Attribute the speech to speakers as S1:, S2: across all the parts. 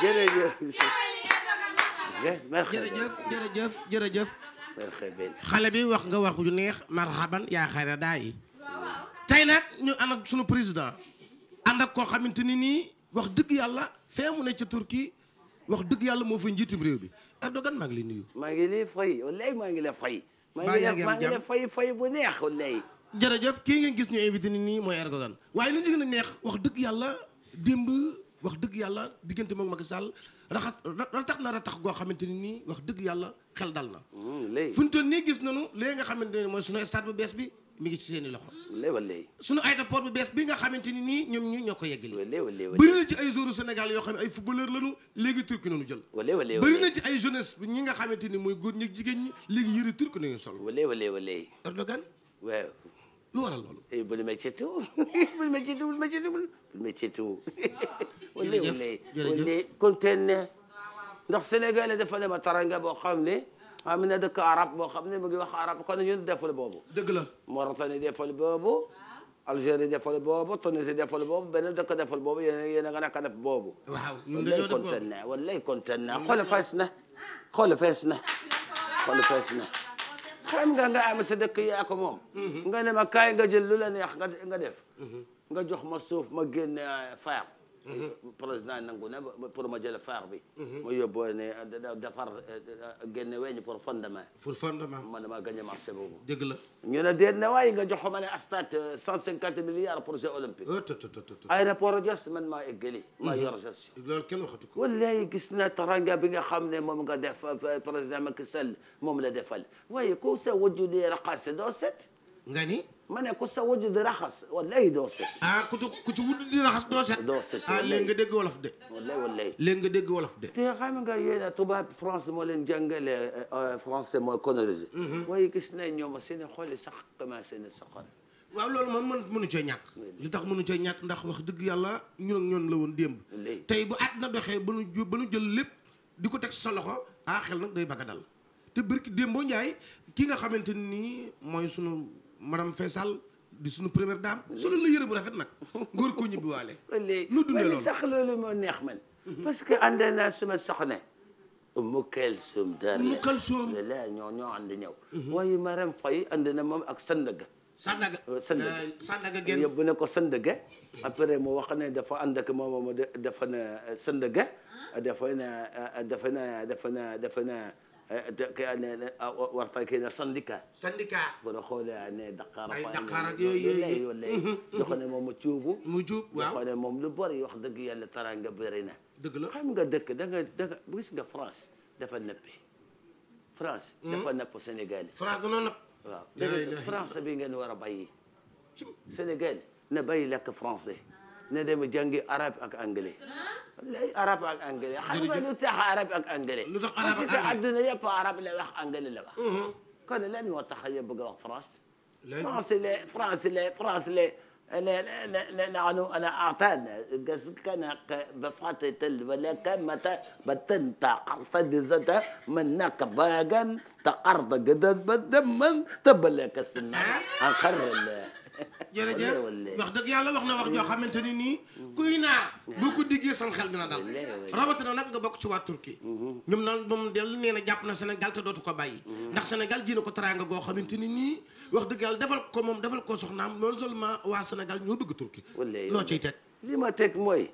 S1: jërëjëf jërëjëf jërëjëf jërëjëf xale bi wax nga wax ju neex marhaban yaa xayra daa yi tey nag ñu ànd sunu président ànd ak koo xamante ni nii wax dëgg yàlla feemu mu ci turki wax dëgg yàlla moo fa njiitum réew bi Erdogan maa ngi lay nuyu maa ngi lay fay maa ngi lay fay maa ngi lay fay fay bu neex wallaay kii ngeen gis ñu invité ni nii mooy Erdogan waaye li ñu neex wax dëgg yàlla démb wax dëgg yàlla diggante moom Macky Sall raxas ratax na ratax goo xamante ni nii wax dëgg yàlla xel dal na. Hmm, léegi fu ñu toll nii gis nañu léegi nga xamante ne mooy sunu stade bu bees bi mi ngi ci seen i loxo. léegi sunu aéroport bu bees bi nga xamante ni nii ñoom ñi ñoo ko yeggali. bëri na ci ay joueurs Sénégal yoo xam ne ay footballeur lañu léegi turki nañu jël. bëri na ci ay jeunesse ñi nga xamante ni mooy góor ñi ak jigéen ñi léegi yëre turki nañu sol. Erdogan waaw lu waral loolu. bu demee cëtuwul bu demee cëtuwul bu demee cëtuwul. jërëjëf jërëjëf kontaan ndax Sénégal dafa dem a taranga boo xam ne am na dëkk arab boo xam ne mu ngi wax arab kon ñun deful boobu. dëgg la Mauritanie deful boobu. Algérie deful boobu Tunisie deful boobu benn dëkk deful boobu yéen a yéen a nga naka def boobu. waaw ñun dañoo def boobu wallay kontaan naa wallay kontaan naa xool fees na xool fees na xool fees na. xam nga nga am sa dëkk yaa ko moom mhm. nga ne ma kaay nga jël lu la neex nga def mhm. nga jox ma suuf ma génn euh, faam président nangu ne pour ma jël faar bi. Mhm. ma yóbboo ne defar génne weñ pour fondement. pour fondement man damaa gagné marché boobu. dëgg la ñu ne déet ne waaye nga jox ko ma ne astat euh, cent cinquante milliards pour jeux olympiques. Euh, aéroport Diass man maa eggali. Mhm. maa yor Diass. loolu kenn waxatu ko. wallaay gis na taranga bi nga xam ne moom nga def euh, président Macky Sall moom la defal waaye ku sa wajju di raqaase doo set. nga ni. ma ne ku sa waju di raxas wallahi doo set. ah ku ci nga dégg wolof de. wallahi wallahi léegi nga dégg wolof de. te xam nga yéen a tubaab France moo leen jàngale français mooy chronologie. waaye gis nañ ñoom seen xol sax commencé na soxal. waaw loolu moom mënu cee ñàkk li tax mënu cee ñàkk ndax wax dëgg yàlla ñun ak ñoom la woon démb tey bu at na doxee ba nu ba nu jël lépp di ko teg sa loxo ah xel nag day bëgg a dal te birki démboo njaay ki nga xamante nii mooy sunu madame Faye Sall di suñu première dame. solo la yëre bu rafet nag. góor ko ñibbi waale. nu dundee loolu moo neex man. Mhm. parce que ànd naa suma soxna. mu kalsum dara mu kalsum la ñoo ñoo ànd ñëw. Mhm. waaye madame Faye ànd na moom ak Sandaga. Sandaga euh, euh, Sandaga genn yóbbu na ko Sandaga. après moo wax ne dafa ànd ak moom dafa na Sandaga. Ah. Euh, dafa na dafa warta kene syndicat syndicat bono xoole ane Dakar ay Dakar ak yooyu yooyu yo lay joxone moom mu cuubu mu juub waaw joxone moom lu bari wax dëgg yàlla taranga bëri na dëgg la xam nga dëkk da nga da nga gis nga France dafa nëppi France dafa nëpp Sénégal France dana nëpp waaw léegi France bi ngeen war a bàyyi Sénégal na bàyyi lekk français na dem jàngi arabe ak anglais arab ak anglais xam nga lu tax arab ak anglais lu tax arab ak anglais adduna yëpp arab la wax anglais la wax uh-huh. kon lan moo tax yow bëgg a wax France France la France la France ah! la نحن أنا أعطانا كان بفاتة الولاكة متى بتنتا قرطة دزتا منك باغن تقرض قدد بدمن تبلك السنة أقرر jërëjëf wax dëgg yàlla wax na wax joo xamante ni nii kuy naar boo ko diggee sam xel dina dal na nag nga bokk ci waa Turquie mhm. ñoom na moom del nee na jàpp na Sénégal te dootu ko bàyyi mhm. ndax Sénégal ji na ko teraanga goo xamante ni nii wax dëgg yàlla defal ko moom defal ko soxnaam non seulement waa Sénégal ñoo bëgg Turquie loo ciy teg li ma teg mooy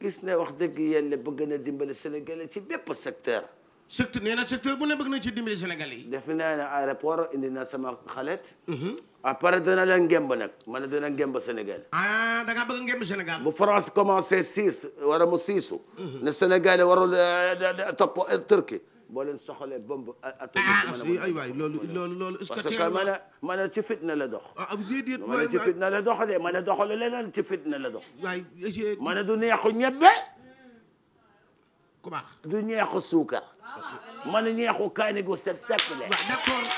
S1: gis ne wax dëgg yàlla bëgg na dimbale Sénégalais ci bépp secteur secteur nee na secteur bu ne bëgg na ci dimbali Sénégal yi. def naa ne aéroport indi na sama xalet. Mhm. après dana leen ngemb nag bëgg dana ngemb Sénégal. ah da ngaa bëgg ngemb Sénégal. bu France commencé siis war a mu siisu. Mhm. ne Sénégal warul euh, topp euh, boo leen soxalee bomb euh, atom bi. Ah, ay waay loolu loolu loolu. est-ce que teel parce que ma ne ci fitna la dox. ah, ah déedéet ma ne ma ne doxalee leneen ci fitna la dox. ku baax du ñeexu suukar man ñeexu kaani gu set set le waaw d'accord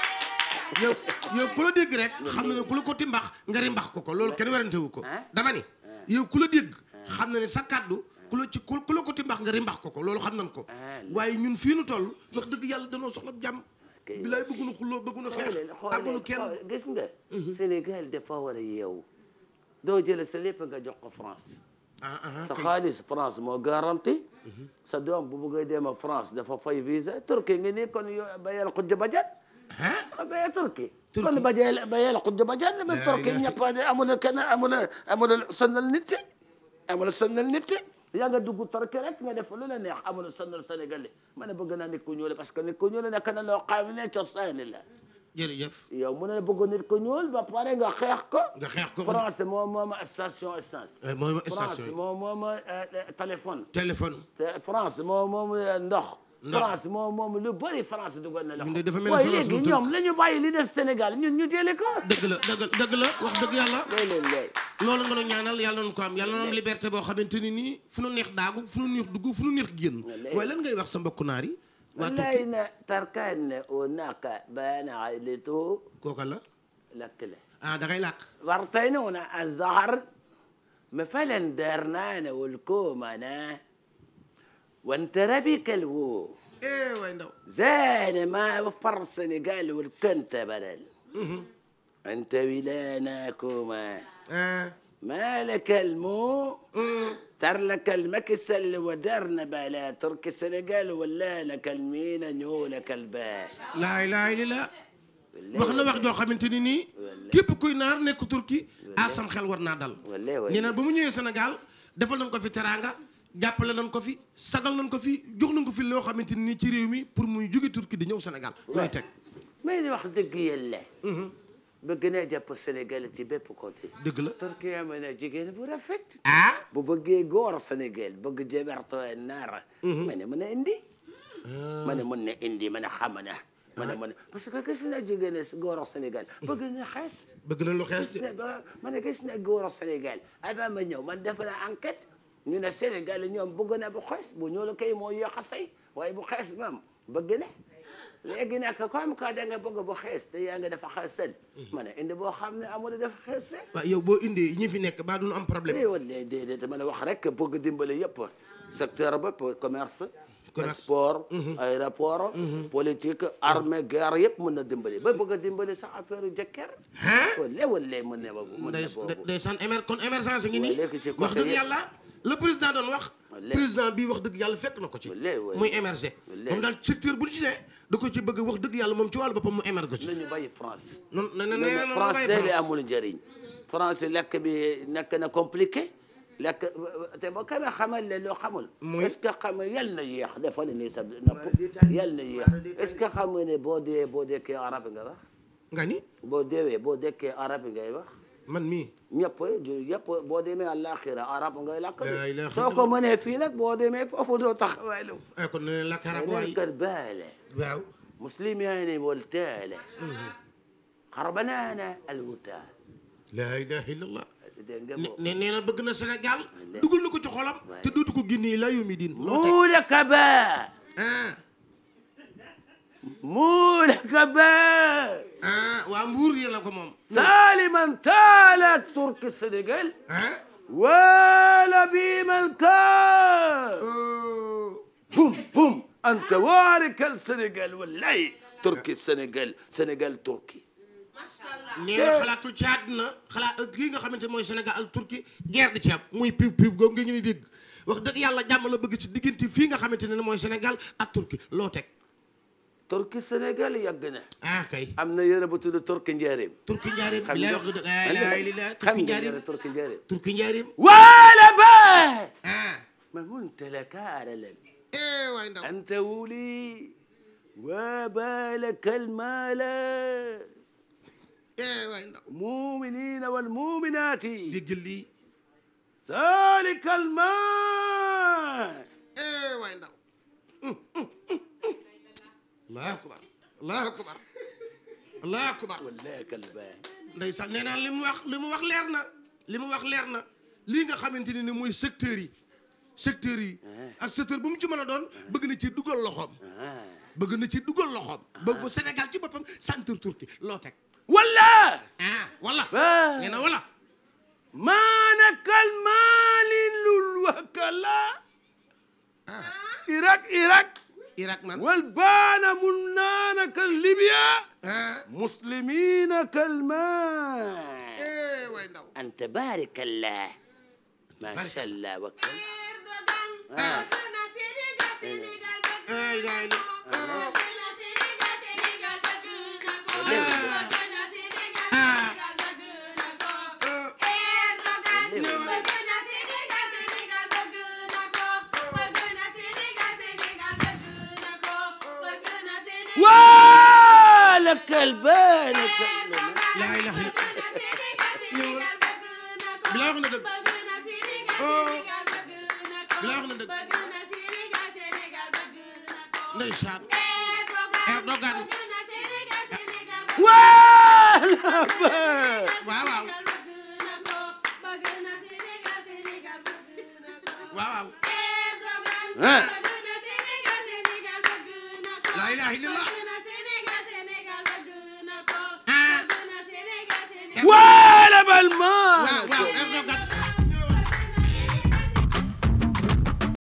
S1: yow yow ku la dégg rek xam na ne ku la ko ti mbax nga ri ko ko loolu kenn werante wu ko dama ni yow ku la dégg xam na ne sa kàddu ku la ko ti mbax nga ri mbax ko ko loolu xam nañ ko waaye ñun fii nu toll wax dëgg yàlla danoo soxla jàmm bilaay bëggunu xulloo bëggunu xeex amuñu kenn gis nga mhm. Sénégal dafa war a yeewu doo jële sa lépp nga jox ko France ah, ah, sa xaalis France moo garanti sa doom bu bëggee dem a France dafa fay visa turki ngi nii kon yow bayal xujj bajan ah, bayal turki kon bayal bayal xujj bajan mais turki ñëpp amul kenn amul amul sonnal nit amul sonnal nit yaa nga dugg turki rek nga def lu la neex amul sonnal sénégalais ma ne bëgg naa nit ku ñuul parce que nit ku ñuul nekk na loo xam ne cosaan la jërëjëf yow mu ne bëgg nit ko ñuul ba pare nga xeex ko. nga xeex ko France moom moom station essence. Eh, moom station France moom moom eh, eh, téléphone. téléphone. France moom moom ndox. France moom moom lu bëri France dugal na la ko. dafa mel ni léegi ñoom la li des Sénégal ñun ko. dëgg la dëgg la wax dëgg yàlla. loolu nga doon ñaanal yàlla nañu ko am yàlla nañu am liberté boo xamante ni nii fu nu neex daagu fu nu neex dugg fu nu neex génn. waaye lan ngay wax sa mbokku naar yi wallaay na tarkaan ne o naqa baana aylito kooka la lakk la ah da ngay lakk wartaynuuna azahar مثلا درنانا والكومنا وانت ربك الو ايه وين زين ما وفر السنغال والكنت بدل انت ولانا كوما آه. مالك المو ترلك المكس اللي ودرنا بقى لا ترك السنغال ولا لك المينا ñoo لك الباء لا لا لا wax na wax joo xamante ni nii képp kuy naar nekk turki ah sam xel war naa dal nee na ba mu ñëwee senegal defal nañ ko fi teraanga jàppale nañ ko fi sagal nañ ko fi jox nañ ko fi loo xamante ni nii ci réew mi pour muy jóge turki di ñëw Sénégal looy teg may wax dëgg yàlla ba gën a jàpp Sénégal ci bépp côté. dëgg la Turquie am na jigéen bu rafet. ah bu bëggee góor Sénégal bëgg jéberto naar. Mhm. ma ne mën a indi. Ah. ma ne mën na indi ma ne xam na. ma ne ah. ma parce que gis na jigéen góor Sénégal bëgg na xees. bëgg na lu ma ne gis na góor Sénégal avant ma ñëw man def na enquête ñu ne Sénégal ñoom bëgg na bu xees bu ñuul kay moo yokk a say waaye bu xees moom bëgg na. léegi nag comme que da nga bëgg bu xees te yaa ngi dafa xeesal. Mm-hmm. ma ne indi boo xam ne amul dafa xeesal. waaw yow boo indi ñi fi nekk ba duñu am problème. eh wala déedéet ma ne wax rek bëgg dimbale yëpp secteur bépp commerce. commerce sport. Mm-hmm. aéroport. Mm-hmm. politique armée guerre yëpp mën na dimbali ba bëgg a dimbali sax affaire jëkkër. wala wala mën na boobu mën na boobu. day day émer kon émergence ngi nii. wax dëgg yàlla le président doon wax. président bi wax dëgg yàlla fekk na ko ci. muy émerger moom daal secteur bu ñu ci ne. da ko ci bëgg wax dëgg yàlla moom ci wàllu boppam mu émerge ci. nañu bàyyi France. non non non non France day amul njëriñ. France lekk bi nekk na compliqué. lekk te boo xamee xamal leen loo xamul. muy est-ce que xam na yéex dafa ne nii sa napp yal na yéex est-ce que xam nga ne boo dee boo dekkee arabe nga wax. nga ni. boo deewee boo dekkee arabe ngay wax. man mii boo demee àllaaxira arab ngay làkk de soo fii nag boo demee foofu doo taxawaay lu ah, kon ne làkk arab waay kër baale waaw muslim yaa ne mm-hmm. laa ilaha illa allah na bëgg na Sénégal dugal na ko ci xolam te laa yumi diin moo teg muulaka bee. Ah, waa Mbuur gi la ko moom. Saliman taala turki Sénégal. Ah. wala bii man kaa. Oh. bum bum. anta waarikal Sénégal wallahi turki Sénégal Sénégal turki. nee na xalaatu caat na xalaat lii euh, nga xamante mooy Sénégal ak Turquie guerre di ci am muy pib pib googu nga ñu ni dégg wax dëgg yàlla jàmm la bëgg ci diggante fii nga xamante ne mooy Sénégal ak Turquie loo teg. turki Sénégal yàgg ah, am na yére bu tudd turki njaareem. wala ba. ah. man la kaara la. eh waay ndaw. anta wuli. kalmaala. eh waay allahu akbar allahu akbar allahu akbar wallaahi kalba ndeysaan nee naa li mu wax li mu wax leer na li mu wax leer na lii nga xamante ni ni mooy secteur yi secteur yi ah. ak secteur bu mu ci mën a doon ah. bëgg na ci dugal loxoom ah. bëgg na ci dugal loxoom bëgg fa ci boppam centre turki loo teg wala ah wala nee na lul wakala Irak Irak man wal baana mun naana kal Libya muslimina kal maa eh way ndaw anta baarakallah macha allah wakkal ولك البانك لا اله الا bilaa wax na dëgg bilaa wax na dëgg ndeysaan Erdogan waaw